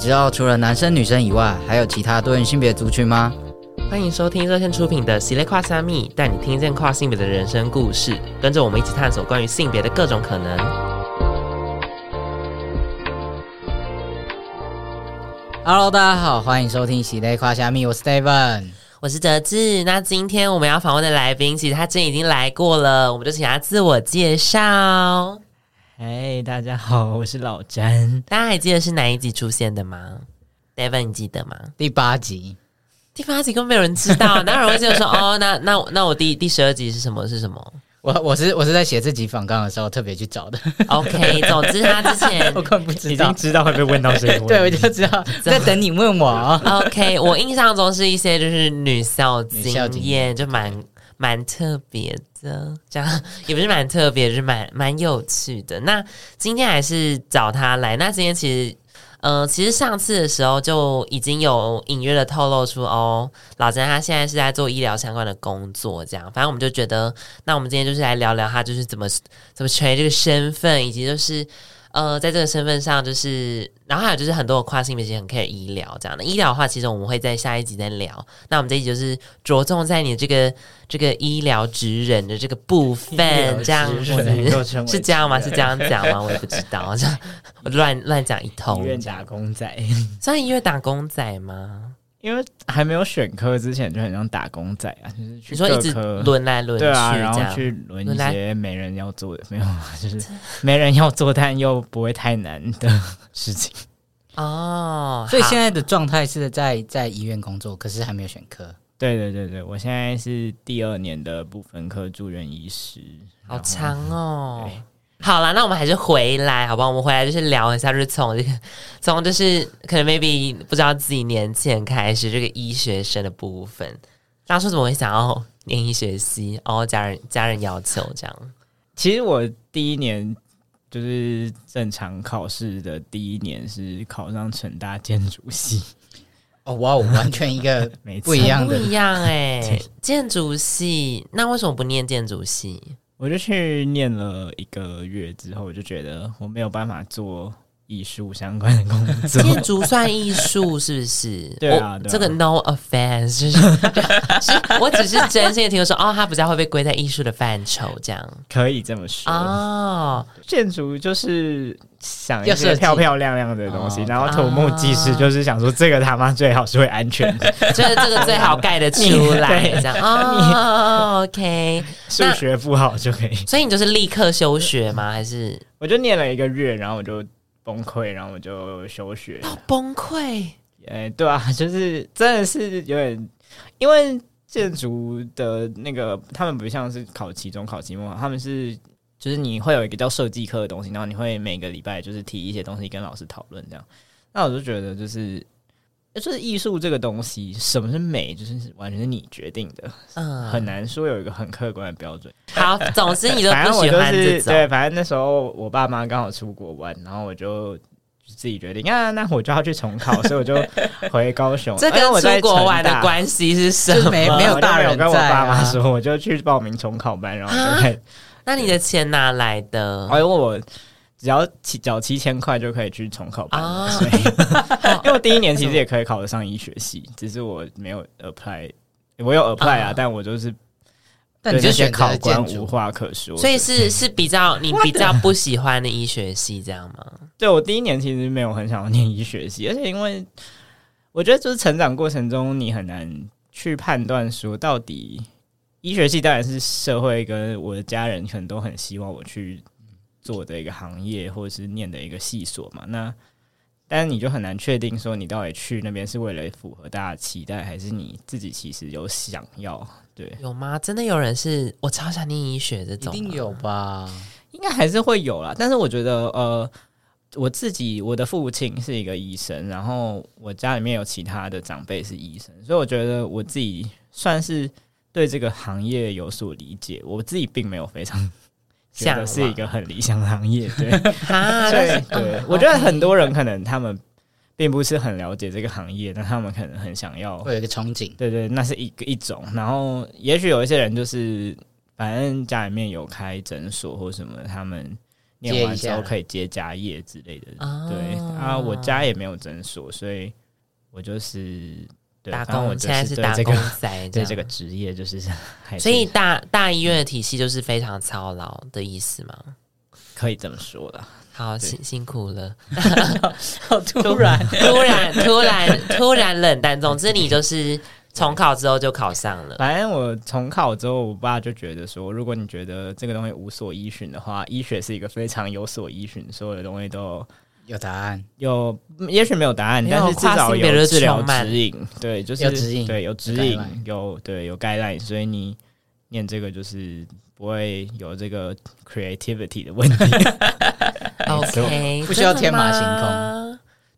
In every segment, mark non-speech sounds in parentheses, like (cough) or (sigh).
你知道除了男生女生以外，還有其他多元性別族群嗎？歡迎收聽熱線出品的《喜類跨蝦米》，帶你聽見跨性別的人生故事，跟着我們一起探索關於性別的各種可能。Hello，大家好，歡迎收聽《喜類跨蝦米》，我是 David，我是德智。那今天我們要訪問的來賓，其實他真已經來過了，我們就請他自我介紹。哎，hey, 大家好，我是老詹。大家還記得是哪一集出現的嗎？David，你記得嗎？第八集，第八集根本沒有人知道，哪 (laughs) 有人會記得說哦？那那那我第第十二集是什麼？是什麼？我我是我是在寫這集訪綱的時候特別去找的。OK，總之他之前我根本不知道，已經知道會被問到這個問題， (laughs) 對我就知道總在等你問我。啊。OK，我印象中是一些就是女校經驗，女校經驗 yeah, 就蠻蠻特別的。這樣也不是蠻特別，就是蠻蠻有趣的。那今天還是找他來。那今天其實，呃，其實上次的時候就已經有隱約的透露出哦，老詹他現在是在做醫療相關的工作。這樣，反正我們就覺得，那我們今天就是來聊聊他，就是怎麼怎麼成為這個身份，以及就是。呃，在這個身份上，就是，然後還有就是很多跨性別其實很 care 醫療這樣的醫療的話，其實我們會在下一集再聊。那我們這一集就是着重在你這個這個醫療職人的這個部分，這樣是這樣嗎？是這樣講嗎？我也不知道， (laughs) 我亂亂講一通。醫院打工仔， (laughs) 算醫院打工仔嗎？因為還沒有選科之前就很像打工仔啊，就是去你說一直輪來輪去，對啊，然後去輪一些沒人要做的，沒有，就是沒人要做，但又不會太難的事情。哦，所以現在的狀態是在在醫院工作，可是還沒有選科。對對對對，我現在是第二年的部分科住院醫師，好長哦。好了，那我們還是回來，好吧？我們回來就是聊一下，就是從這個，從就是可能 maybe 不知道幾年前開始，這個醫學生的部分，那時候怎麼會想要念醫學系，然後、哦、家人家人要求這樣？其實我第一年就是正常考試的第一年是考上成大建築系。 (laughs) 哦，哇哦，完全一個不一樣的， (laughs) 不一樣誒、欸。 (laughs) 就是、建築系，那為什麼不念建築系？我就去念了一個月之後，我就覺得我沒有辦法做。藝術相關的工作，建築算藝術是不是？對啊，這個 no offense，是我只是真心的聽說哦，他不知道會被歸在藝術的範疇，這樣可以這麼說哦。建築就是想一些漂漂亮亮的東西，然後土木技師就是想說這個他媽最好是會安全的，所以這個最好蓋得出來這樣。哦 OK，數學不好就可以，所以你就是立刻休學嗎？還是我就念了一個月，然後我就。崩潰，然後我就休學。好崩潰，哎，yeah, 對啊，就是真的是有點，因為建築的那個，他們不像是考期中考期末，他們是就是你會有一個叫設計課的東西，然後你會每個禮拜就是提一些東西跟老師討論這樣。那我就覺得就是。就是藝術這個東西，什麼是美，就是完全是你決定的，嗯、很難說有一個很客觀的標準。好，總之你都不喜歡，反正我喜、就是對，反正那時候我爸媽剛好出國玩，然後我就自己決定啊，那我就要去重考， (laughs) 所以我就回高雄。這跟我出國玩的關係是什麼？啊、沒有大人、啊、我跟我爸媽說，我就去報名重考班，然後就、啊……那你的錢哪來的？哎、呦我。我只要繳七千塊就可以去重考。對，因為我第一年其實也可以考得上醫學系，oh. 只是我沒有 apply，oh. 我有 apply 啊，oh. 但我就是，你就學考官無話可說，所以是是比較你比較不喜歡的醫學系這樣嗎？What? 對，我第一年其實沒有很想念醫學系，而且因為我覺得就是成長過程中你很難去判斷說到底醫學系當然是社會跟我的家人可能都很希望我去。做的一個行業，或者是念的一個系所嘛，那但是你就很難確定說你到底去那邊是為了符合大家的期待，還是你自己其實有想要？對，有嗎？真的有人是我超想念醫學這種？一定有吧？應該還是會有啦。但是我覺得，呃，我自己我的父親是一個醫生，然後我家裡面有其他的長輩是醫生，所以我覺得我自己算是對這個行業有所理解。我自己並沒有非常。真是一個很理想的行業，對對對，我覺得很多人可能他們並不是很了解這個行業，但他們可能很想要，會有一個憧憬，對，對對，那是一個一種，然後也許有一些人就是，反正家裡面有開診所或什麼，他們念完之後可以接家業之類的，對啊，我家也沒有診所，所以我就是。打工，我、這個、現在是打工仔。對這個職業，就是，是所以大大醫院的體系就是非常操勞的意思嗎？嗯、可以這麼說吧。好，對辛辛苦了。 (laughs) 好，好突然突，突然，突然， (laughs) 突然冷淡。總之，你就是重考之後就考上了。反正我重考之後，我爸就覺得說，如果你覺得這個東西無所依循的話，醫學是一個非常有所依循，所有的東西都。有答案，有也許沒有答案，有但是至少有治療指引。對，就是對有指引，對，有指引，有對有概念，所以你念這個就是不會有這個 creativity 的問題。OK，不需要天馬行空。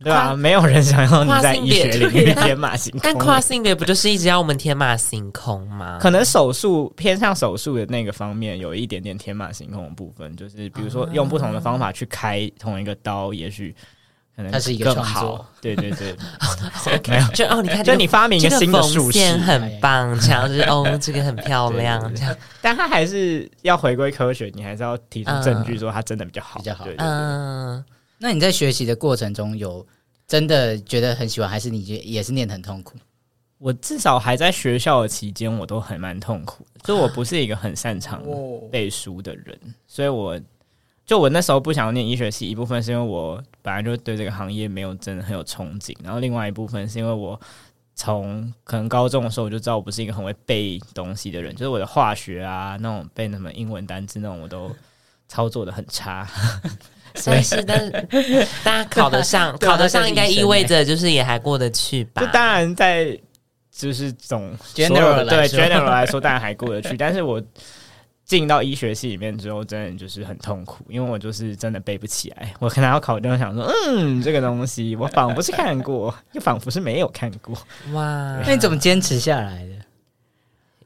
對啊，沒有人想要你在醫學領域天馬行空。但跨性別不就是一直要我們天馬行空嗎？可能手術偏向手術的那個方面有一點點天馬行空的部分，就是比如說用不同的方法去開同一個刀，也許可能是一個更好。對對對，OK。就哦，你看，就你發明一個新的縫線很棒，這是哦，這個很漂亮這樣。但它還是要回歸科學，你還是要提出證據說它真的比較好，比較好。嗯。那你在學習的過程中，有真的覺得很喜歡，還是你覺得也是念得很痛苦？我至少還在學校的期間，我都還蠻痛苦的。就我不是一個很擅長背書的人，哦、所以我就我那時候不想念醫學系，一部分是因為我本來就對這個行業沒有真的很有憧憬，然後另外一部分是因為我從可能高中的時候我就知道我不是一個很會背東西的人，就是我的化學啊那種背什麼英文單詞那種，我都操作的很差。 (laughs) 但 (laughs) 是，但大家考得上， (laughs) 考得上應該意味着就是也還過得去吧？ (laughs) (laughs) 就當然在，就是總 general 對 general 來說 (laughs) 當然還過得去。但是我進到醫學系裡面之後，真的就是很痛苦，因為我就是真的背不起來。我可能要考的時候想說，嗯，這個東西我仿佛是看過， (laughs) 又仿佛是沒有看過。哇 Wow，那 (laughs) 你怎麼堅持下來的？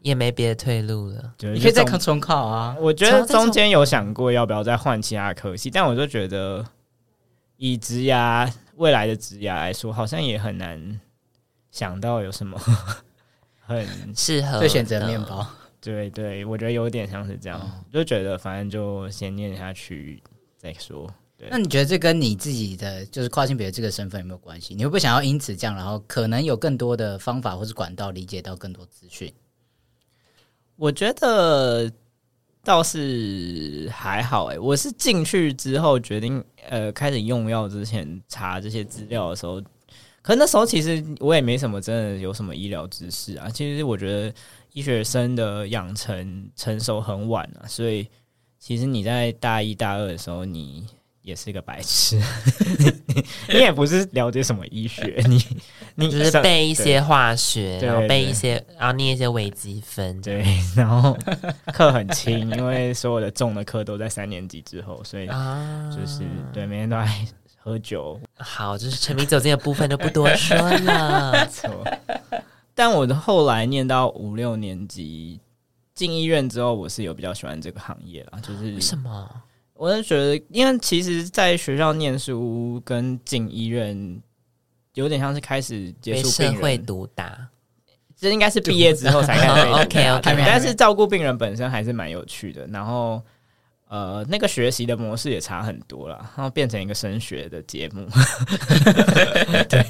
也沒別的退路了，是你可以再看重考啊。我覺得中間有想過要不要再換其他的科系，但我就覺得以職涯未來的職涯來說，好像也很難想到有什麼很適合。就選擇面包，對，對對，我覺得有點像是這樣，嗯、就覺得反正就先念下去再說。對，那你覺得這跟你自己的就是跨性別這個身份有沒有關係？你會不想要因此這樣，然後可能有更多的方法或是管道理解到更多資訊？我覺得倒是還好欸，我是進去之後決定呃開始用藥之前查這些資料的時候，可那時候其實我也沒什麼真的有什麼醫療知識啊。其實我覺得醫學生的養成成熟很晚啊，所以其實你在大一大二的時候你。也是一個白痴， (laughs) 你也不是了解什麼醫學，你你就是背一些化學，對然後背一些，對對然後念一些微積分，對，對然後課很輕， (laughs) 因為所有的重的課都在三年級之後，所以就是、啊、對，每天都愛喝酒。好，就是沉迷酒精的部分就不多說了。 (laughs) 錯，但我的後來念到五六年級進醫院之後，我是有比較喜歡這個行業了，就是為什麼？我就覺得，因為其實，在學校念書跟進醫院有點像是開始接觸病人，社會毒打，這應該是畢業之後才開始讀、哦。OK k、okay, 但是照顧病人本身還是蠻有趣的。還沒還沒然後，呃，那個學習的模式也差很多了，然後變成一個升學的節目。 (laughs) 對，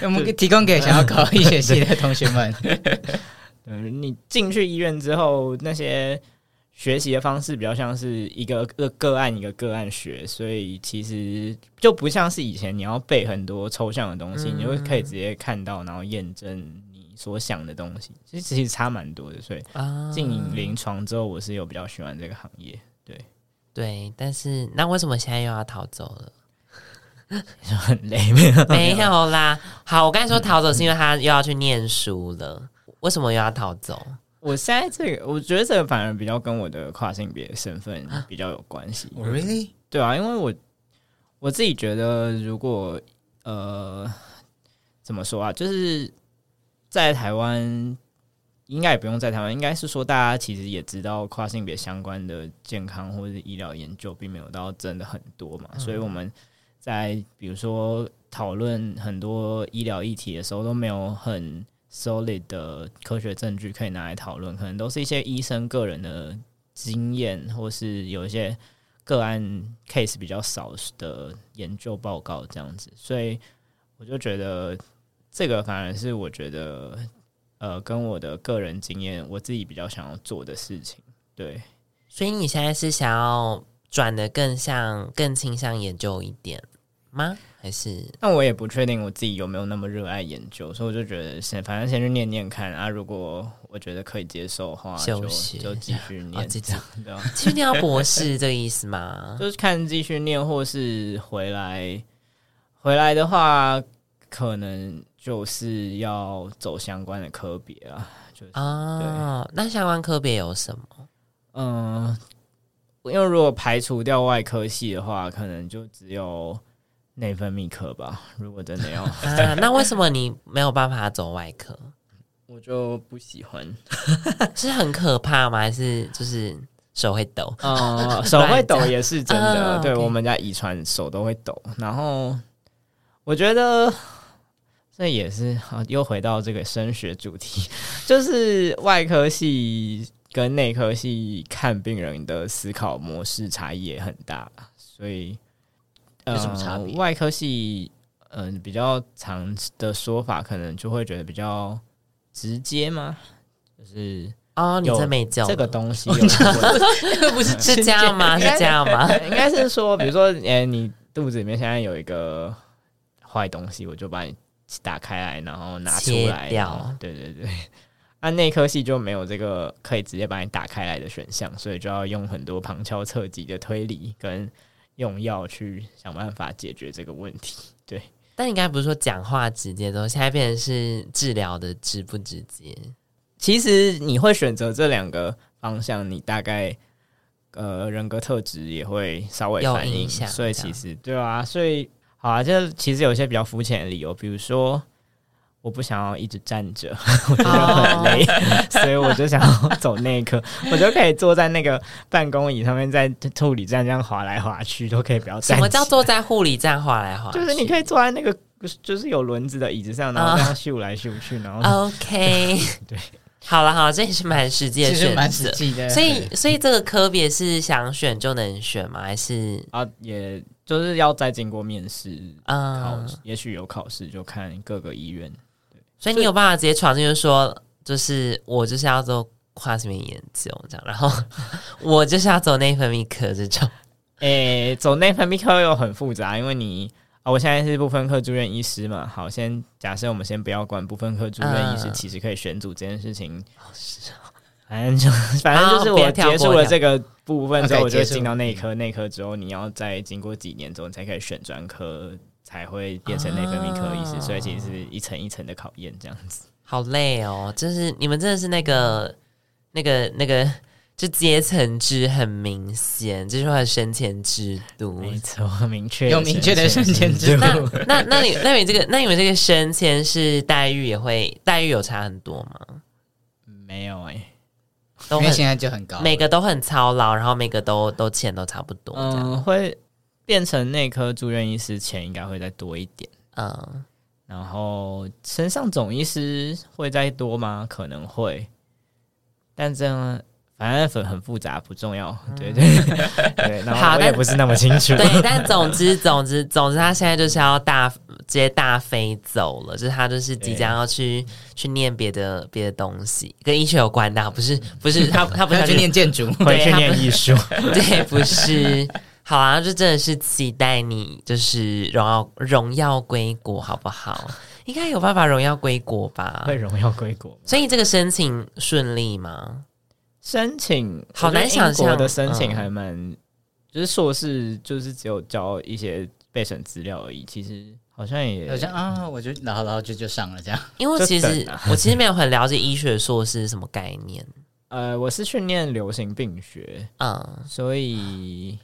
就我們提供給想要考醫學系的同學們。嗯 (laughs) 對， (laughs) 你進去醫院之後，那些。學習的方式比較像是一個個個案一個個案學，所以其實就不像是以前你要背很多抽象的東西，你就可以直接看到，然後驗證你所想的東西。其實其實差蠻多的，所以進臨床之後，我是有比較喜歡這個行業。對對，但是那為什麼現在又要逃走了？就很累，沒有沒有啦。好，我剛才說逃走是因為他又要去念書了，為什麼又要逃走？我現在這個，我覺得這個反而比較跟我的跨性別身份比較有關係。Huh? Really？對啊，因為我我自己覺得，如果呃，怎麼說啊，就是在台灣，應該也不用在台灣，應該是說大家其實也知道跨性別相關的健康或者醫療研究並沒有到真的很多嘛，uh huh. 所以我們在比如說討論很多醫療議題的時候都沒有很。solid 的科學證據可以拿來討論，可能都是一些醫生個人的經驗，或是有一些個案 case 比較少的研究報告這樣子，所以我就覺得這個反而是我覺得呃，跟我的個人經驗，我自己比較想要做的事情。對，所以你現在是想要轉得更像更傾向研究一點嗎？還是，那我也不確定我自己有沒有那麼熱愛，是愛研究，所以我就覺得先反正先去念念看啊。如果我覺得可以接受的話，學就就繼續念，這樣，繼續念到博士這個意思嗎？ (laughs) 就是看繼續念，或是回來回來的話，可能就是要走相關的科別啊。就啊、是，哦、對那相關科別有什麼？嗯，因為如果排除掉外科系的話，可能就只有。內分泌科吧，如果真的要、 (laughs) (laughs) 啊、那為什麼你沒有辦法走外科？ (laughs) 我就不喜歡， (laughs) 是很可怕嗎？還是就是手會抖？哦、呃，手會抖也是真的，呃、對、嗯 okay、對，我們家遺傳手都會抖。然後我覺得這也是好、啊。又回到這個升學主題，就是外科系跟內科系看病人的思考模式差異也很大，所以。有什麼差別、啊呃？外科系，嗯、呃，比較常的說法，可能就會覺得比較直接嗎？就是啊，你這個東西不、啊，不是是這樣嗎？是這樣嗎？ (laughs) 應該是說，比如說，哎、欸，你肚子裡面現在有一個壞東西，我就把你打開來，然後拿出來掉對對對，按、啊、內科系就沒有這個可以直接把你打開來的選項，所以就要用很多旁敲側擊的推理跟。用藥去想辦法解決這個問題，對。但應該不是說講話直接的，都現在變成是治療的直不直接？其實你會選擇這兩個方向，你大概呃人格特質也會稍微反映一下。所以其實對啊，所以好啊，就是其實有一些比較膚淺的理由，比如說。我不想要一直站着，我覺得很累，oh. 所以我就想要走內科 (laughs) 我就可以坐在那個辦公椅上面，在護理站這樣滑來滑去，都可以不要站。什麼叫坐在護理站滑來滑去？就是你可以坐在那個就是有輪子的椅子上，然後這樣咻來咻去，然後。OK，、oh. 對，okay. 對好了，好，這也是蠻實際的選擇。其實蠻實際的。所以，所以這個科別是想選就能選嗎？還是啊，也就是要再經過面試啊，嗯、考也許有考試，就看各個醫院。所以你有辦法直接闖進去說，以就是我就是要做跨性別研究，這樣，然後 (laughs) 我就是要走內分泌科這種。誒、欸，走內分泌科又很複雜，因為你啊、哦，我現在是不分科住院醫師嘛。好，先假設我們先不要管不分科住院醫師，呃、其實可以選組這件事情。好是喔、反正就反正就是我結束了這個部分之後，我就進到內科。內科之後，你要再經過幾年之後，你才可以選專科。才會變成內分泌科醫師，啊、所以其實是一層一層的考驗，這樣子。好累哦，就是你們真的是那個、那個、那個，就階層制很明顯，這句話的升遷制度，沒錯，明確有明確的升遷制度 (laughs) 那。那、那、你、那你這個、那你們這個升遷是待遇也會待遇有差很多嗎？沒有哎、欸，很因為現在就很高，每個都很操勞，然後每個都都錢都差不多，嗯，會。變成內科住院醫師，錢應該會再多一點。嗯，然後，身上總醫師會再多嗎？可能會，但這樣反正很很複雜，不重要，對對對。那我也不是那麼清楚。 (laughs) 對，但總之總之總之，總之他現在就是要大直接大飛走了，就是他就是即將要去對去念別的別的東西，跟醫學有關的，不是不是他 (laughs) 他不是去念建築，去念藝術，對，對，不是。 (laughs) 好啊，這真的是期待你就是榮耀榮耀歸國，好不好？應該有辦法榮耀歸國吧？會榮耀歸國。所以這個申請順利嗎？申請好難想像。我的申請還蠻，嗯、就是碩士就是只有交一些備審資料而已。其實好像也好像啊，我就然後然後就就上了這樣。因為其實、啊、我其實沒有很了解醫學碩士什麼概念。 (laughs) 呃，我是去念流行病學啊，嗯、所以。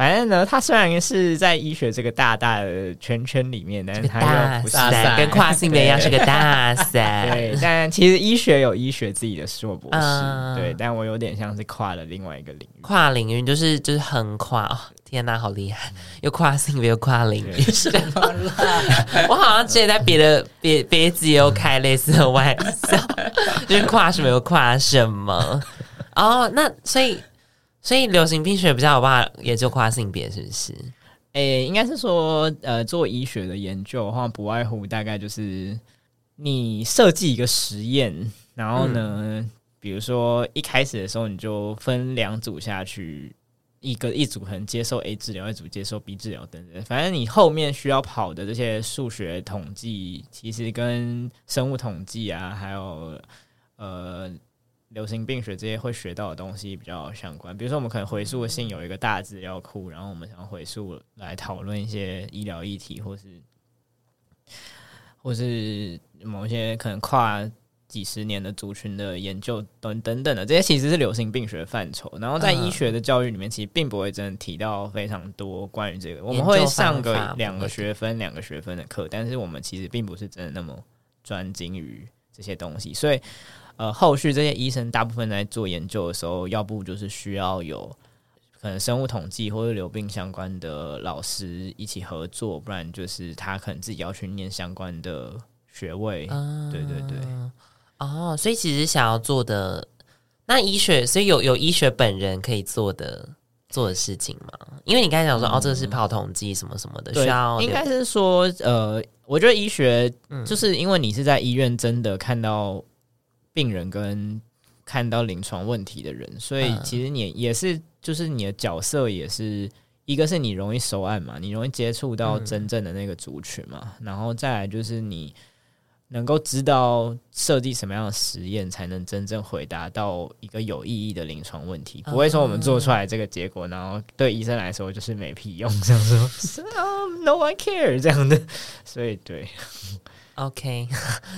反正呢，他雖然是在醫學這個大大的圈圈裡面，但是他又不是跟跨性別一樣是個大三對。 (laughs) 但其實醫學有醫學自己的碩博士，嗯、對。但我有點像是跨了另外一個領域，跨領域就是就是橫跨。哦，天吶、啊，好厲害，又跨性別又跨領域，對 (laughs) 什麼啦？我好像之前在別的別、別集也有開類似的玩笑，就是跨什麼又跨什麼。哦、oh，那所以。所以流行病學比較有辦法研究跨性別是不是？誒、欸，應該是說，呃，做醫學的研究的話，不外乎大概就是你設計一個實驗，然後呢，嗯、比如說一開始的時候你就分兩組下去，一個一組可能接受 A 治療，一組接受 B 治療，等等。反正你後面需要跑的這些數學統計，其實跟生物統計啊，還有呃。流行病學這些會學到的東西比較相關，比如說我們可能回溯性有一個大資料庫，然後我們想要回溯來討論一些醫療議題，或是或是某些可能跨幾十年的族群的研究等等等的這些，其實是流行病學範疇。然後在醫學的教育裡面，其實並不會真的提到非常多關於這個。我們會上個兩個學分、兩個學分的課，但是我們其實並不是真的那麼專精於這些東西，所以。呃，後續這些醫生大部分在做研究的時候，要不就是需要有可能生物統計或者流病相關的老師一起合作，不然就是他可能自己要去念相關的學位。嗯、對對對，哦，所以其實想要做的那醫學，所以有有醫學本人可以做的做的事情嗎？因為你剛才講說，嗯、哦，這是跑統計什麼什麼的，對需要應該是說，呃，我覺得醫學，嗯、就是因為你是在醫院真的看到。病人跟看到臨床問題的人，所以其實你也是，就是你的角色也是一個，是你容易收案嘛，你容易接觸到真正的那個族群嘛，嗯、然後再來就是你能夠知道設計什麼樣的實驗才能真正回答到一個有意義的臨床問題，不會說我們做出來這個結果，嗯、然後對醫生來說就是沒屁用，這樣說 (laughs) (laughs) ，no one care 這樣的，所以對。 (laughs) OK，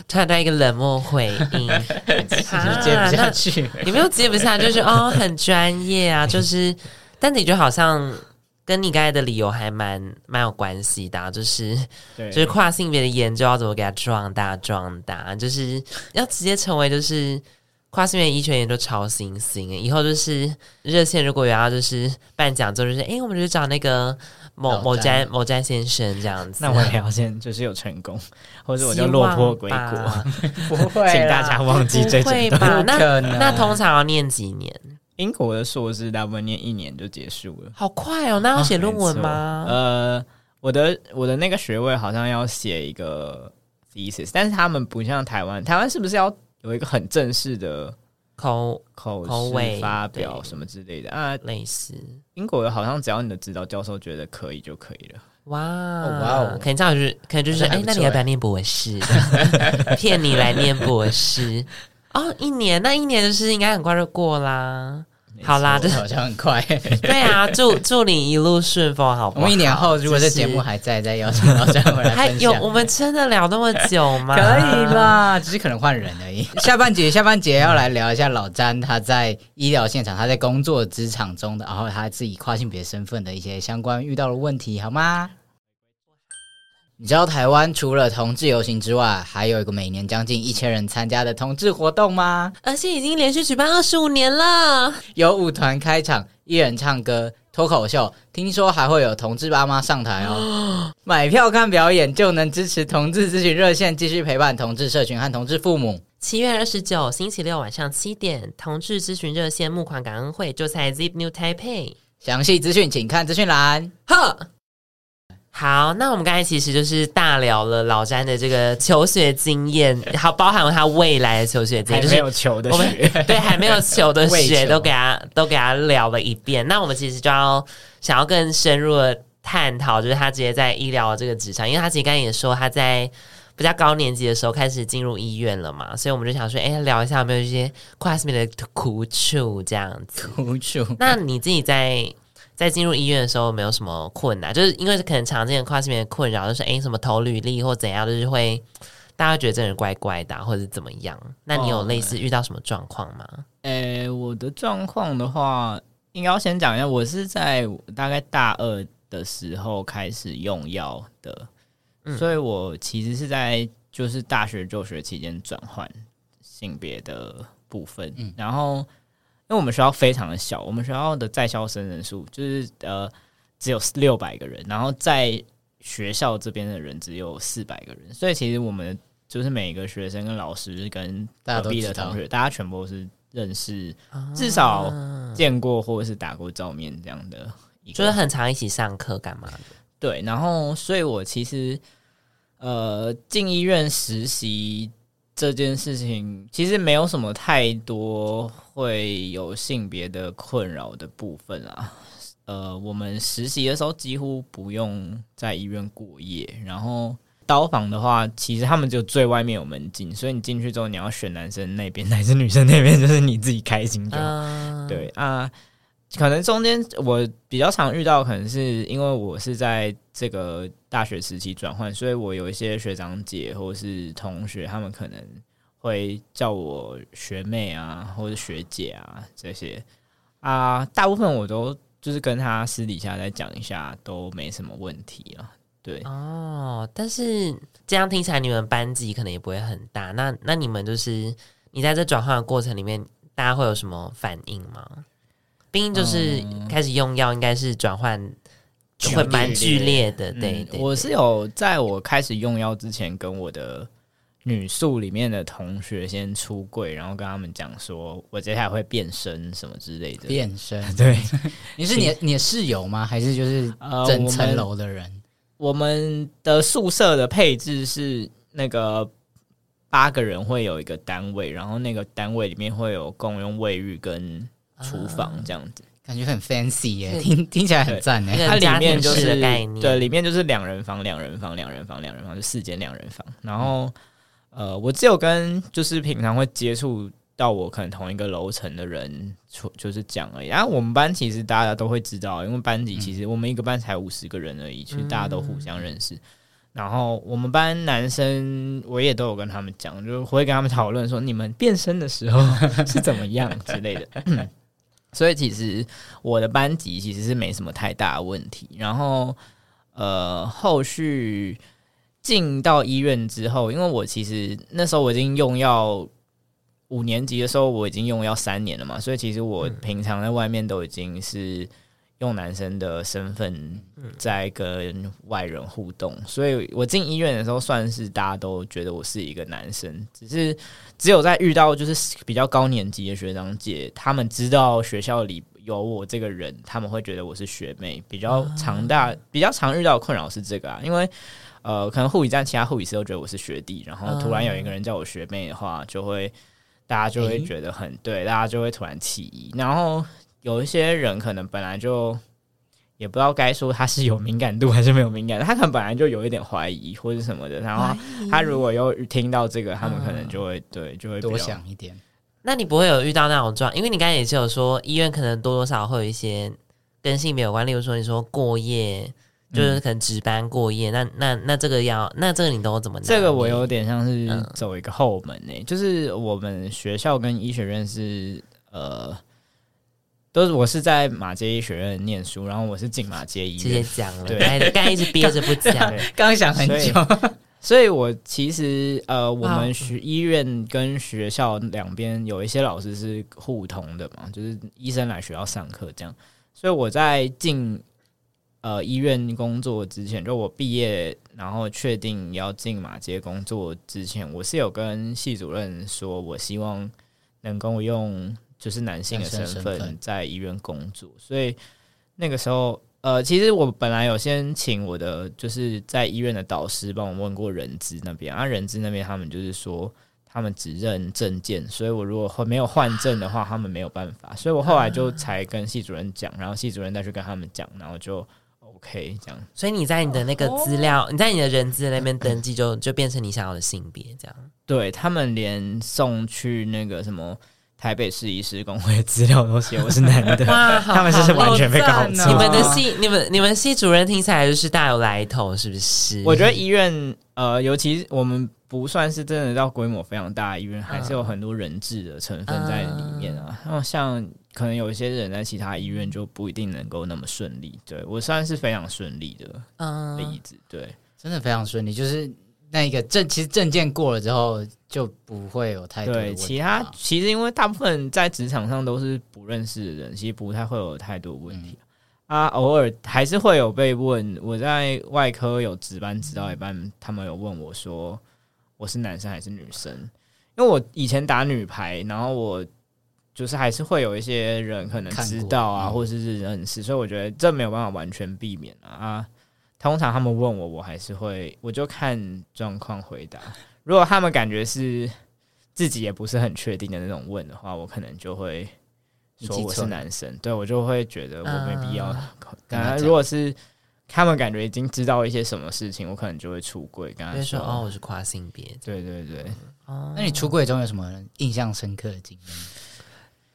突然帶一個冷漠回應， (laughs) 其實接不下去。你們又接不下去， (laughs) 就是哦，很專業啊，就是，但你就好像跟你剛才的理由還蠻蠻有關係的、啊，就是，就是跨性別的研究要怎麼給它壯大壯大，就是要直接成為就是跨性別醫學研究超新星，以後就是熱線如果有要就是辦講座，就是哎、欸，我們就找那個。某某詹某詹先生這樣子，那我也要先就是有成功，或者我就落魄歸國。 (laughs) 不會， (laughs) 請大家忘記這整段。那那通常要念幾年？英國的碩士大部分念一年就結束了，好快哦。那要寫論文嗎、啊？呃，我的我的那個學位好像要寫一個 thesis，但是他們不像台灣，台灣是不是要有一個很正式的？口口事口味發表什麼之類的對啊，類似英國好像只要你的指導教授覺得可以就可以了。哇，Wow, oh, wow. 可能這樣就是，可能就是，哎、欸欸，那你要不要念博士？騙 (laughs) (laughs) 你來念博士哦， (laughs) oh, 一年，那一年的事應該很快就過啦。好啦，這好像很快。對啊，祝祝你一路順風好不好，好嗎？我們一年後，如果這節目還在，是再邀請老詹回來。還有，我們真的聊那麼久嗎？可以吧，只是可能換人而已。 (laughs) 下半節，下半節要來聊一下老詹他在醫療現場，嗯、他在工作職場中的，然後他自己跨性別身份的一些相關遇到的問題，好嗎？你知道台灣除了同志遊行之外，還有一個每年將近一千人參加的同志活動嗎？而且已經連續舉辦二十五年了。有舞團開場，藝人唱歌、脫口秀，聽說還會有同志爸媽上台哦。哦，買票看表演就能支持同志諮詢熱線，繼續陪伴同志社群和同志父母。七月二十九星期六晚上七點，同志諮詢熱線募款感恩會就在 Zepp New Taipei。詳細資訊請看資訊欄。哈。好，那我們剛才其實就是大聊了老詹的這個求學經驗，然後包含了他未來的求學經驗，還沒有求的學，對，還沒有求的學求都給他都給他聊了一遍。那我們其實就要想要更深入的探討，就是他直接在醫療這個職場，因為他其實剛才也說他在比較高年級的時候開始進入醫院了嘛，所以我們就想說，哎、欸，聊一下有沒有一些 classmate 的苦處這樣子。苦楚。那你自己在？在進入醫院的時候，沒有什麼困難，就是因為可能常見跨的跨性別困擾，就是誒、欸、什麼投履歷或怎樣，就是會大家會覺得這人怪怪的，是乖乖的，啊，或者是怎麼樣？那你有類似遇到什麼狀況嗎？呃、哦欸，我的狀況的話，應該要先講一下，我是在大概大二的時候開始用藥的，嗯、所以我其實是在就是大學就學期間轉換性別的部分，嗯、然後。因為我們學校非常的小，我們學校的在校生人數就是呃只有六百個人，然後在學校這邊的人只有四百個人，所以其實我們就是每個學生跟老師跟隔壁的同學，大家，大家全部都是認識，至少見過或者是打過照面這樣的，就是很常一起上課幹嘛的。對，然後所以我其實呃進醫院實習。這件事情其實沒有什麼太多會有性別的困擾的部分啊，呃，我們實習的時候幾乎不用在醫院過夜，然後刀房的話，其實他們就最外面有門禁，所以你進去之後，你要選男生那邊還是女生那邊，就是你自己開心就好，uh，對啊。可能中間我比較常遇到，可能是因為我是在這個大學時期轉換，所以我有一些學長姐或者是同學，他們可能會叫我學妹啊，或者學姐啊這些啊。大部分我都就是跟他私底下再講一下，都沒什麼問題了。對哦，但是這樣聽起來你們班級可能也不會很大。那那你們就是你在這轉換的過程裡面，大家會有什麼反應嗎？冰，就是開始用藥，應該是轉換就會蠻劇烈的。對，對,對、嗯，我是有在我開始用藥之前，跟我的女宿裡面的同學先出櫃，然後跟他們講說，我接下來會變身什麼之類的。變身？對，是你是你你室友嗎？還是就是呃整層樓的人、呃我？我們的宿舍的配置是那個八個人會有一個單位，然後那個單位裡面會有共用衛浴跟。廚房這樣子，感覺很 fancy 耶，聽聽起來很贊哎。它裡面就是對，裡面就是兩人房、兩人房、兩人房、兩人房，就四間兩人房。然後，嗯、呃，我只有跟就是平常會接觸到我可能同一個樓層的人，就就是講而已。然後、啊、我們班其實大家都會知道，因為班級其實我們一個班才五十個人而已，其實大家都互相認識。嗯、然後我們班男生我也都有跟他們講，就會跟他們討論說，你們變身的時候是怎麼樣之類的。嗯嗯所以其實我的班級其實是沒什麼太大的問題。然後，呃，後續進到醫院之後，因為我其實那時候我已經用藥，五年級的時候我已經用藥三年了嘛，所以其實我平常在外面都已經是。用男生的身份在跟外人互動，嗯、所以我進醫院的時候，算是大家都覺得我是一個男生。只是只有在遇到就是比較高年級的學長姐，他們知道學校裡有我這個人，他們會覺得我是學妹。比較常大，嗯、比較常遇到的困擾是這個、啊，因為呃，可能護理站其他護理師都覺得我是學弟，然後突然有一個人叫我學妹的話，就會大家就會覺得很、欸、對，大家就會突然起疑，然後。有一些人可能本來就也不知道該說他是有敏感度還是沒有敏感，他可能本來就有一點懷疑或者什麼的，然後他如果有聽到這個，他們可能就會對就會、嗯、多想一點。那你不會有遇到那種狀況？因為你剛才也是有說醫院可能多多少少會有一些跟性別有關，例如說你說過夜、嗯、就是可能值班過夜，那那那這個要那這個你都怎麼？這個我有點像是走一個後門呢、欸，嗯、就是我們學校跟醫學院是呃。都是我是在馬偕醫學院念書，然後我是進馬偕醫院。直接講了，對，剛一直憋着不講，剛 (laughs) 想很久。所以， (laughs) 所以我其實呃，哇我們學醫院跟學校兩邊有一些老師是互通的嘛，就是醫生來學校上課這樣。所以我在進呃醫院工作之前，就我畢業然後確定要進馬偕工作之前，我是有跟系主任說，我希望能夠用，就是男性的身份在醫院工作，所以那個時候，呃，其實我本來有先請我的就是在醫院的導師幫我問過人資那邊，啊，人資那邊他們就是說他們只認證件，所以我如果換沒有換證的話，他們沒有辦法，所以我後來就才跟系主任講，然後系主任再去跟他們講，然後就 OK 這樣。所以你在你的那個資料，oh. 你在你的人資那邊登記就，就就變成你想要的性別這樣。對，他們連送去那個什麼。台北市醫師公會資料都寫我是男的， (laughs) 啊、好好他們就是完全被搞砸、哦。你們的系，你們你們系主任聽起來就是大有來頭，是不是？我覺得醫院呃，尤其我們不算是真的到規模非常大的醫院，還是有很多人質的成分在裡面啊。Uh, 像可能有一些人在其他醫院就不一定能夠那麼順利。對，我算是非常順利的例子，對，uh, 真的非常順利，就是。那一個證，其實證件過了之後就不會有太多問題、啊。對，其他其實因為大部分在職場上都是不認識的人，其實不太會有太多問題、嗯、啊。偶爾還是會有被問，我在外科有值班，值到一半，他們有問我說我是男生還是女生，因為我以前打女排，然後我就是還是會有一些人可能知道啊，嗯、或者是認識，所以我覺得這沒有辦法完全避免啊。通常他們問我，我還是會，我就看狀況回答。如果他們感覺是自己也不是很確定的那種問的話，我可能就會說我是男生，對，我就會覺得我沒必要。當然、呃，但如果是他們感覺已經知道一些什麼事情，我可能就會出櫃跟他說，說：“哦，我是跨性別。”對對對。嗯、哦，那你出櫃中有什麼印象深刻的經歷？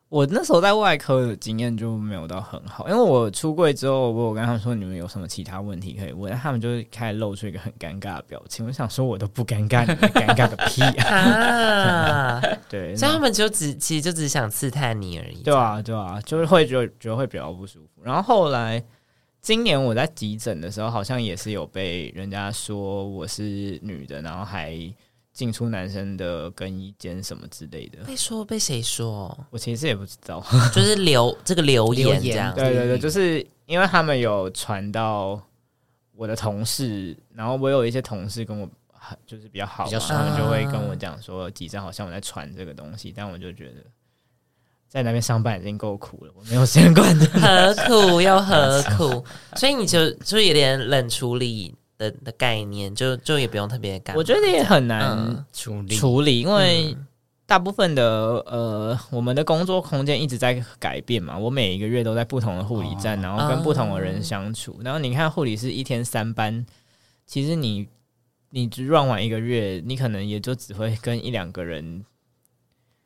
我那時候在外科的經驗就沒有到很好，因為我出櫃之後，我有跟他們說你們有什麼其他問題可以問，他們就開始露出一個很尷尬的表情。我想說，我都不尷尬，你們尷尬個屁啊！對，那，所以他們就只其實就只想刺探你而已。對啊，對啊，就是會覺得覺得會比較不舒服。然後後來今年我在急診的時候，好像也是有被人家說我是女的，然後還，進出男生的更衣間什麼之類的，被說。被誰說？我其實也不知道，就是留這個留言，留言這樣。對對對，就是因為他們有傳到我的同事，然後我有一些同事跟我，就是比較好的、啊，他們就會跟我講說，幾張好像我在傳這個東西，啊、但我就覺得在那邊上班已經夠苦了，我沒有時間管的。何苦又何苦？ (laughs) 所以你就就有點冷處理。的的概念，就就也不用特別幹。我覺得也很難、嗯、處理處理，因為大部分的呃，我們的工作空間一直在改變嘛。我每一個月都在不同的護理站，哦、然後跟不同的人相處。哦、然後你看護理師一天三班，嗯、其實你你 run 完一個月，你可能也就只會跟一兩個人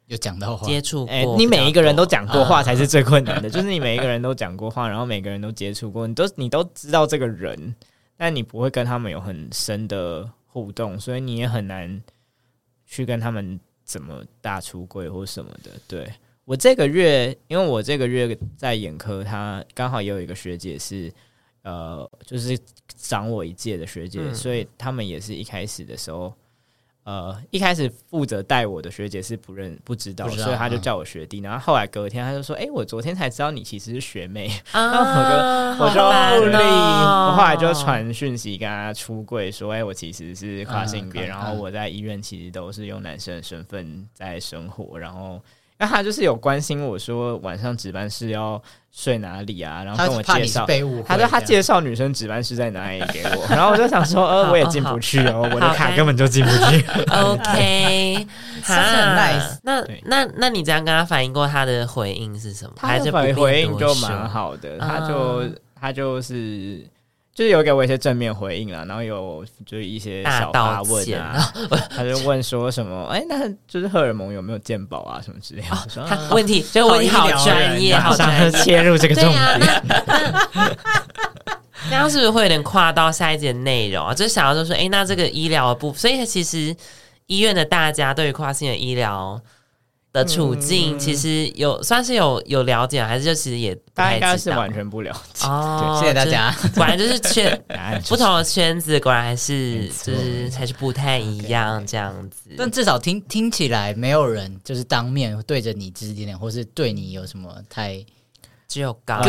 有講到話接觸。哎、欸，你每一個人都講過話才是最困難的，嗯、就是你每一個人都講過話，嗯、然後每個人都接觸過，你都你都知道這個人。但你不會跟他們有很深的互動，所以你也很難去跟他們怎麼大出櫃或什麼的。對。我這個月，因為我這個月在眼科，他剛好也有一個學姐是呃，就是長我一屆的學姐，嗯、所以他們也是一開始的時候。呃，一開始負責帶我的學姐是不認不知道的，不知道，所以她就叫我學弟。然後後來隔一天她就說：“哎、欸，我昨天才知道你其實是學妹。”然後、哦、我就我就努力，我後來就傳訊息跟她出櫃，說：“哎、欸，我其實是跨性別，嗯、然後我在醫院其實都是用男生的身份在生活。”然後。那他就是有關心我說晚上值班室要睡哪裡啊，然後跟我介紹，他說他介紹女生值班室在哪裡給我，然後我就想說，呃，我也進不去哦，我的卡根本就進不去。OK，好，nice。那那那你這樣跟他反映過，他的回應是什麼？他的回應就蠻好的，他就他就是。就是有給我一些正面回應啦、啊，然後有就是一些小問啊，道他就問說什麼？哎、 (laughs) 欸，那就是荷爾蒙有沒有健保啊？什麼之類的？哦啊、他問題就問題好專業，好像切入這個重點。那他是不是會有點跨到下一節內容啊？就想要就說，哎、欸，那這個醫療部，所以其實醫院的大家對於跨性的醫療。的處境其實有算是有有了解，還是就其實也大概是完全不了解。哦，謝謝大家。果然就是圈不同的圈子，果然還是就是還是不太一樣這樣子。但至少聽聽起來，沒有人就是當面對着你指指點點，或是對你有什麼太就個人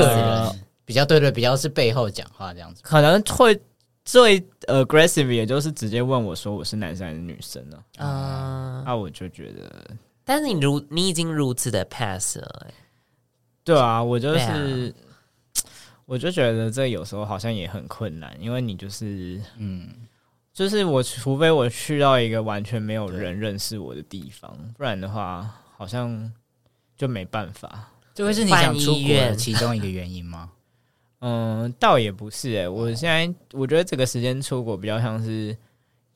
比較，對對，比較是背後講話這樣子。可能會最 aggressive 也就是直接問我說我是男生還是女生呢？啊，那我就覺得。但是你如你已經如此的 pass 了。欸，對啊，我就是，啊、我就覺得這有時候好像也很困難，因為你就是，嗯，就是我除非我去到一個完全沒有人認識我的地方，對不然的話，好像就沒辦法。這會是你想出國的其中一個原因嗎？醫 (laughs) 嗯，倒也不是。欸，哎，我現在我覺得這個時間出國比較像是。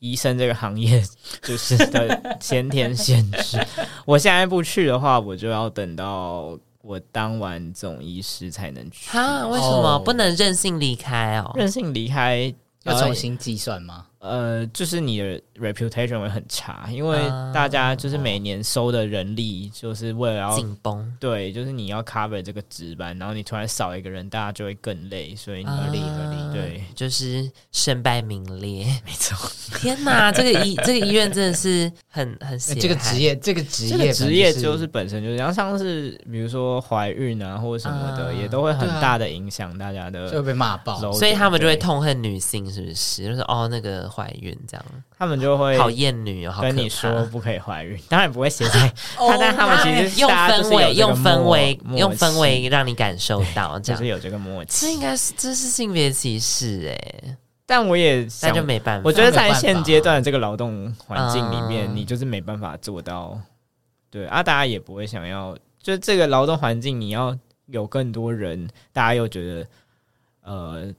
醫生這個行業就是的先天限制， (laughs) 我現在不去的話，我就要等到我當完總醫師才能去。啊，為什麼、哦、不能任性離開哦？任性離開要重新計算嗎？啊呃，就是你的 reputation 會很差，因為大家就是每年收的人力，就是為了要緊繃，崩對，就是你要 cover 這個值班，然後你突然少一個人，大家就會更累，所以你要離，要離力，對，就是身敗名裂，沒錯錯。天吶，這個醫 (laughs) 這個醫院真的是很很、欸，這個職業，這個職業職業就是本身就是，然後像是比如說懷孕啊或者什麼的，嗯、也都會很大的影響大家的 loading，就會被罵爆，對所以他們就會痛恨女性，是不是？就是哦，那個。懷孕這樣，他們就會討厭女跟你說不可以懷孕、哦、孕。當然不會寫在，Oh, 但他們其實用氛圍、用氛圍，契用氛圍讓你感受到，就是有這個默契。這應該是這是性別歧視哎、欸，但我也那就沒辦法。我覺得在現階段的這個勞動環境裡面，嗯、你就是沒辦法做到。對啊，大家也不會想要，就是這個勞動環境，你要有更多人，大家又覺得呃。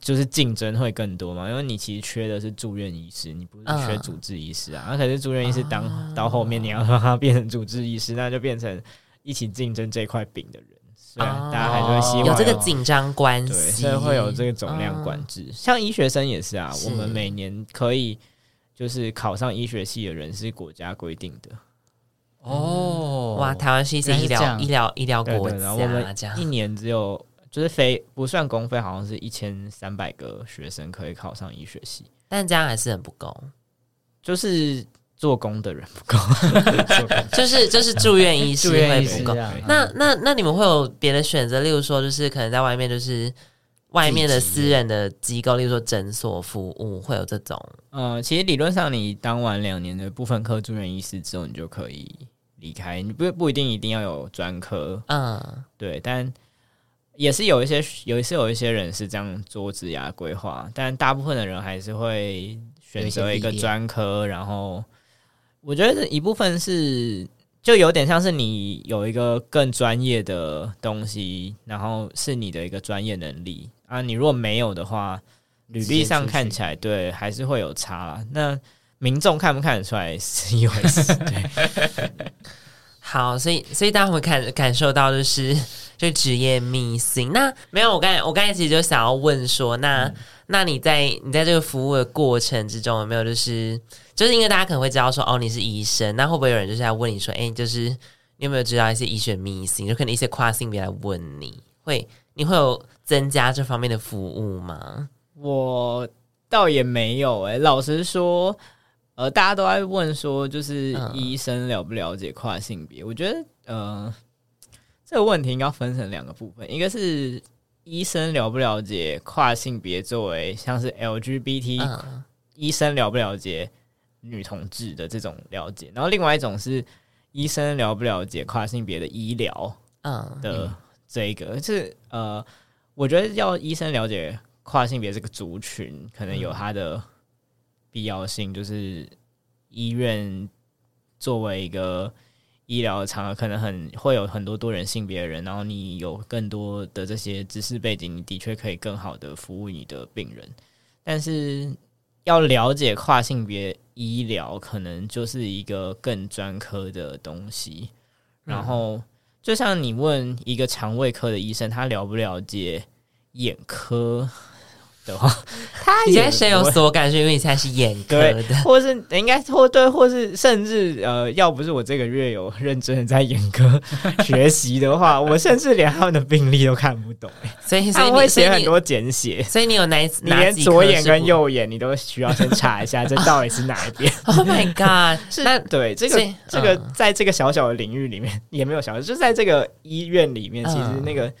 就是競爭會更多嘛，因為你其實缺的是住院醫師，你不是缺主治醫師啊。那、嗯、可是住院醫師當、哦、到後面，你要讓他變成主治醫師，那就變成一起競爭這塊餅的人。對，哦、大家還是會希望有，有這個緊張關係，所以會有這個總量管制。嗯、像醫學生也是啊，是，我們每年可以就是考上醫學系的人是國家規定的。哦，哇，台灣是一些醫療醫療醫療國家，對對對，然後我們一年只有。就是非不算公費，好像是一千三百個學生可以考上醫學系，但這樣還是很不夠。就是做工的人不夠， (laughs) (laughs) 就是就是住院醫師會不夠。住院醫師啊、那、嗯、那那你們會有別的選擇？例如說，就是可能在外面，就是外面的私人的機構，例如說診所服務，會有這種。嗯，其實理論上你當完兩年的部分科住院醫師之後，你就可以離開。你不不一定一定要有專科，嗯，對，但。也是有一些，有一些有一些人是這樣做職業規劃，但大部分的人還是會選擇一個專科。然後，我覺得這一部分是就有點像是你有一個更專業的東西，然後是你的一個專業能力啊。你如果沒有的話，履歷上看起來對，還是會有差。那民眾看不看得出來是一回事。 (laughs) 對 (laughs) 好，所以所以大家會看感受到的是。就職業秘辛那沒有，我剛才我剛才其實就想要問說，那、嗯、那你在你在這個服務的過程之中有沒有就是，就是因為大家可能會知道說，哦你是醫生，那會不會有人就是來問你說，哎，就是你有沒有知道一些醫學秘辛？就可能一些跨性別來問你會你會有增加這方面的服務嗎？我倒也沒有誒、欸、老實說，呃，大家都在問說，就是醫生了不了解跨性別？嗯、我覺得，呃。這個問題應該分成兩個部分，一個是醫生了不了解跨性別作為像是 LGBT、uh, 醫生了不了解女同志的這種了解，然後另外一種是醫生了不了解跨性別的醫療的這個，uh, yeah. 就是呃，我覺得要醫生了解跨性別這個族群，可能有它的必要性，就是醫院作為一個。醫療的場合可能很會有很多多元性別的人，然後你有更多的這些知識背景，你的確可以更好的服務你的病人。但是要了解跨性別醫療，可能就是一個更專科的東西。然後就像你問一個腸胃科的醫生，他了不了解眼科？的話，他現你現在誰有所感是因為你才是眼科的，的，或是應該或對，或是甚至呃，要不是我這個月有認真的在眼科學習的話， (laughs) 我甚至連他們的病歷都看不懂，欸所以。所以他會寫很多簡寫，所以你有哪一你連左眼跟右眼，你都需要先查一下，這到底是哪一邊 (laughs) ？Oh my god！ (laughs) 是，那對，這個以這個在這個小小的領域裡面，嗯、也沒有小，小，就是在這個醫院裡面，其實那個。嗯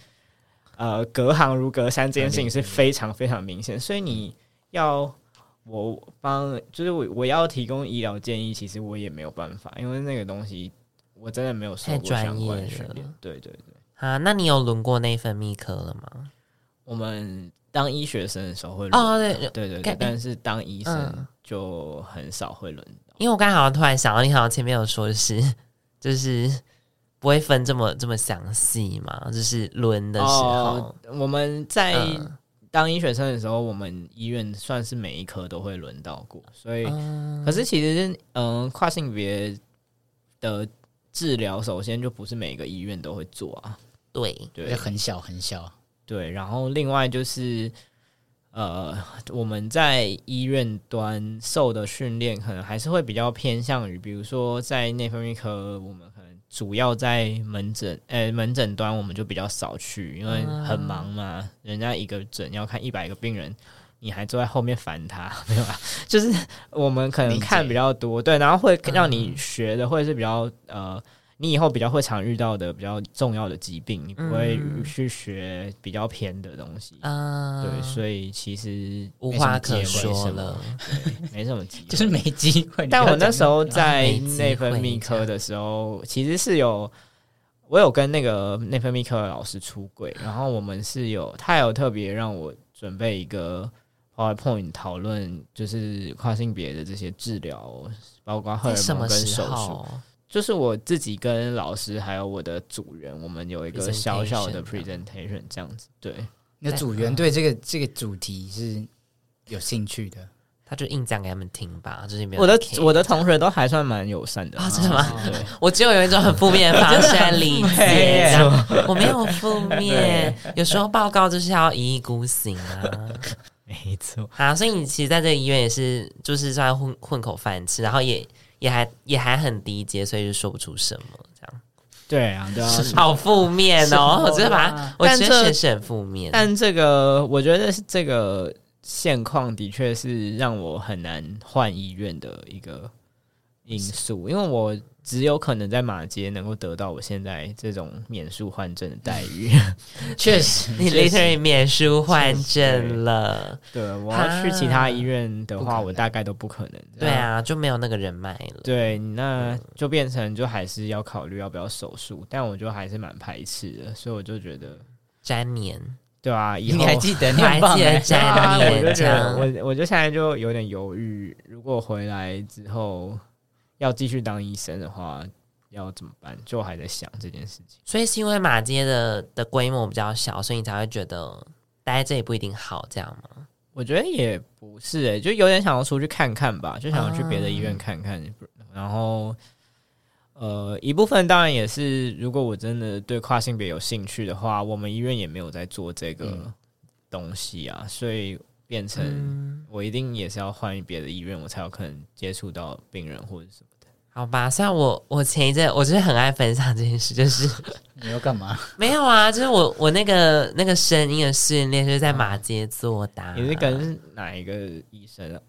呃，隔行如隔山這件事情是非常非常明顯，嗯嗯嗯、所以你要我幫，就是我我要提供醫療建議，其實我也沒有辦法，因為那個東西我真的沒有受過相關訓練。對對對，啊，那你有輪過內分泌科了嗎？我們當醫學生的時候會輪，哦、對，對對對，跟但是當醫生就很少會輪到、嗯，因為我剛剛好像突然想到，你好像前面有說的是，就是。不會分這麼這麼詳細嗎？就是輪的時候，哦、我們在當醫學生的時候，嗯、我們醫院算是每一科都會輪到過，所以，嗯、可是其實嗯，跨性別的治療首先就不是每個醫院都會做啊，對對很，很小很小，對，然後另外就是呃，我們在醫院端受的訓練，可能還是會比較偏向於，比如說在內分泌科我們。主要在門診，誒、欸，門診端我們就比較少去，因為很忙嘛，啊、人家一個診要看一百個病人，你還坐在後面煩他，沒有啊？就是我們可能看比較多，理解、對，然後會讓你學的會、嗯、是比較呃。你以後比較會常遇到的比較重要的疾病，嗯、你不會去學比較偏的東西啊？嗯、對，所以其實結無話可說了，沒什麼機會， (laughs) 就是沒機會。但我那時候在內分泌科的時候，其實是有我有跟那個內分泌科的老師出櫃，然後我們是有他有特別讓我準備一個 PowerPoint 討論，就是跨性別的這些治療，包括荷爾蒙跟手術。就是我自己跟老師，還有我的組員，我們有一個小小的 presentation 這樣子。對，那組員對這個這個主題是有興趣的，他就硬講給他們聽吧。就是沒有我的我的同學都還算蠻友善的啊、哦，真的嗎？就是， (laughs) 我只有有一種很負面的發生 (laughs) 是在理解。對我沒有負面，對有時候報告就是要一意孤行啊，沒錯錯。好，啊，所以你其實在這個醫院也是就是在混混口飯吃，然後也。也還也還很低階，所以就說不出什麼這樣。對啊，對啊，好負面哦！是啊、我真的把它，我覺得確實很負面但。但這個，我覺得這個現況的確是讓我很難換醫院的一個。因素，因為我只有可能在馬街能夠得到我現在這種免術換證的待遇。確實，你 literally 免術換證了。對，我要去其他醫院的話，我大概都不可能。對啊，就沒有那個人脈了。對，那就變成就還是要考慮要不要手術，但我就還是蠻排斥的，所以我就覺得粘黏。對啊，以後，你還記得你還記得粘黏？我我就現在就有點猶豫，如果回來之後。要繼續當醫生的話，要怎麼辦？就還在想這件事情。所以是因為馬偕的的規模比較小，所以你才會覺得待在這裡不一定好，這樣嗎？我覺得也不是、欸，哎，就有點想要出去看看吧，就想要去別的醫院看看。啊、然後，呃，一部分當然也是，如果我真的對跨性別有興趣的話，我們醫院也沒有在做這個東西啊，所以。變成我一定也是要換別的醫院，我才有可能接觸到病人或者什麼的，好吧？雖然我我前一陣我就是很愛分享這件事，就是 (laughs) 你要幹嘛？沒有啊，就是我我那個那個聲音的訓練是在馬偕做的。你、啊，是跟是哪一個醫生啊？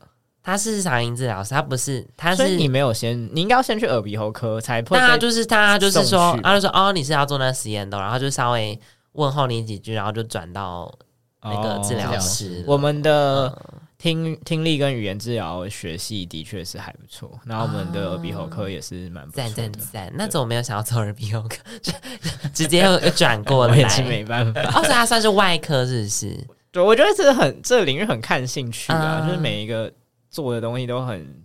他是嗓音治療師，他不是，他是你沒有先，你應該要先去耳鼻喉科才。那他就是他就是說，他就說哦，你是要做那實驗的，然後就稍微問候你幾句，然後就轉到。哦、那個治療師，我們的聽、嗯、聽力跟語言治療學系的確是還不錯，那、嗯、我們的耳鼻喉科也是蠻不錯、讚讚讚，那怎麼沒有想要做耳鼻喉科？就 (laughs) (laughs) 直接又轉過來，我也沒辦法。而且、 (laughs) 哦、他算是外科，是不是？對，我覺得這是很這個領域很看興趣的、啊，嗯、就是每一個做的東西都很。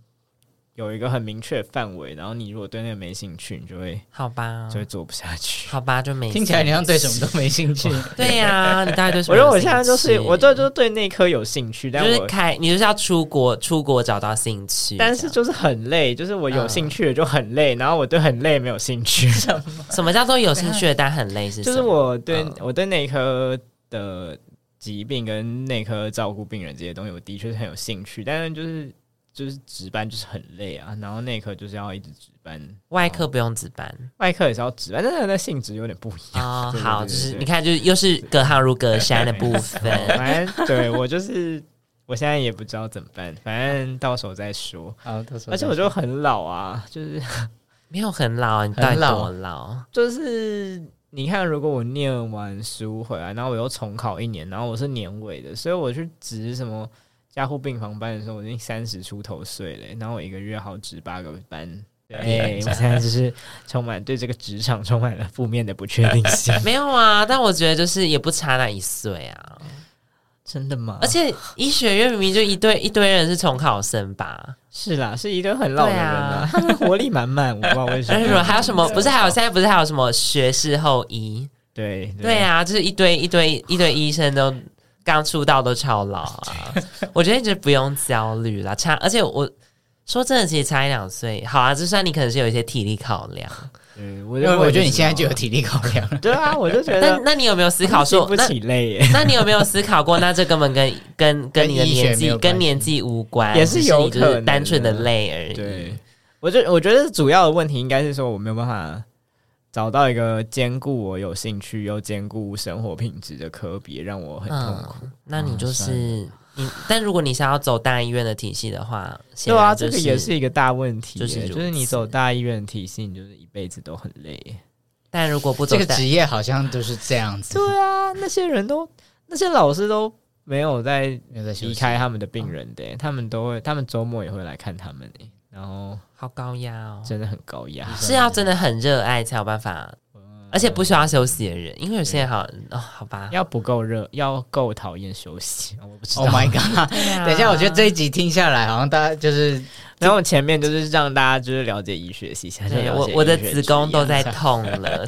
有一個很明確的範圍，然後你如果對那個沒興趣，你就會，好吧，就會做不下去。好吧，就沒興趣。聽起來你好像對什麼都沒興趣。 (laughs) 對呀、啊，你大概就是。我認為我現在就是，我對就是對內科有興趣，但我就是開你就是要出國，出國找到興趣，但是就是很累，就是我有興趣的就很累，嗯、然後我對很累沒有興趣。 (laughs) 什麼？叫做有興趣的但很累是？是就是我對我對內科的疾病跟內科照顧病人這些東西，我的確是很有興趣，但是就是。就是值班就是很累啊，然後內科就是要一直值班，外科不用值班，外科也是要值班，但是它的性質有點不一樣。哦，好，就是你看，就是又是隔行如隔山的部分。反正對我就是，我現在也不知道怎麼辦，反正到時候再說。好，到時候。而且我就很老啊，就是沒有很老，你到底怎麼老？就是你看，如果我念完書回來，然後我又重考一年，然後我是年尾的，所以我去值什麼。加護病房班的時候，我已經三十出頭歲了，欸，然後我一個月好值八個班。哎對，我現在就是充滿 (laughs) 對這個職場充滿了負面的不確定性。沒有啊，但我覺得就是也不差那一歲啊。真的嗎？而且醫學院明明就一堆一堆人是重考生吧？是啦，是一堆很老的人啊，啊 (laughs) 活力滿滿，我不知道為什麼。 (laughs) 還有什麼？不是還有 (laughs) 現在不是還有什麼學士後醫？對對，對啊，就是一堆一堆一堆醫生都。 (laughs) 剛出道都超老啊！ (laughs) 我覺得你就不用焦慮了，差而且我說真的，其實差一兩歲，好啊，就算你可能是有一些體力考量，嗯，我因為我覺得你現在就有體力考量， (laughs) 對啊，我就覺得，那那你有沒有思考說我不累耶那，那你有沒有思考過？那這根本跟跟跟你的年紀跟，跟年紀無關，也是有一個單純的累而已。對，我就我覺得主要的問題應該是說我沒有辦法。找到一個兼顧我有興趣又兼顧生活品質的科別，讓我很痛苦。嗯、那你就是、嗯、你，酸但如果你想要走大醫院的體系的話，就是、對啊，這個也是一個大問題。就是就是你走大醫院的體系，你就是一輩子都很累。但如果不走大醫院，這個職業好像都是這樣子。對啊，那些人都那些老師都沒有在離開他們的病人的，啊、他們都會，他們周末也會來看他們的然後，好高壓哦，真的很高壓，是要真的很熱愛才有辦法，而且不需要休息的人，因為有些在好哦，好吧，要不夠熱，要夠討厭休息，我不知道。Oh my god！等一下，我覺得這一集聽下來，好像大家就是，然後前面就是讓大家就是了解醫學系，現在我我的子宮都在痛了，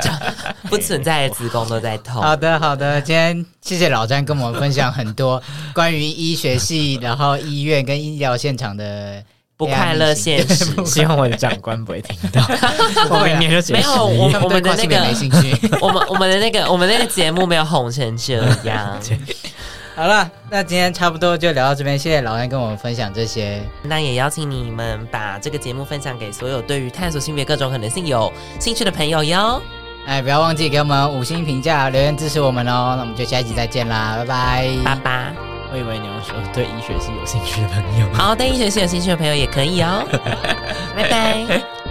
不存在的子宮都在痛。好的，好的，今天謝謝老詹跟我們分享很多關於醫學系，然後醫院跟醫療現場的。不快樂線、欸啊。實希望我的長官不會聽到。沒有，我，我們對跨性別沒興趣。我我們的那個，我們， (laughs) 我，們我們的那個，我們那個節目沒有紅成這樣。 (laughs) 好了，那今天差不多就聊到這邊，謝謝老詹跟我們分享這些。那也邀請你們把這個節目分享給所有對於探索性別各種可能性有興趣的朋友喲。哎、欸，不要忘記給我們五星評價、留言支持我們哦、喔。那我們就下一集再見啦，拜拜，拜拜。我以為你要說對醫學系有興趣的朋友，好， (laughs) 對醫學系有興趣的朋友也可以哦。拜拜。 (laughs)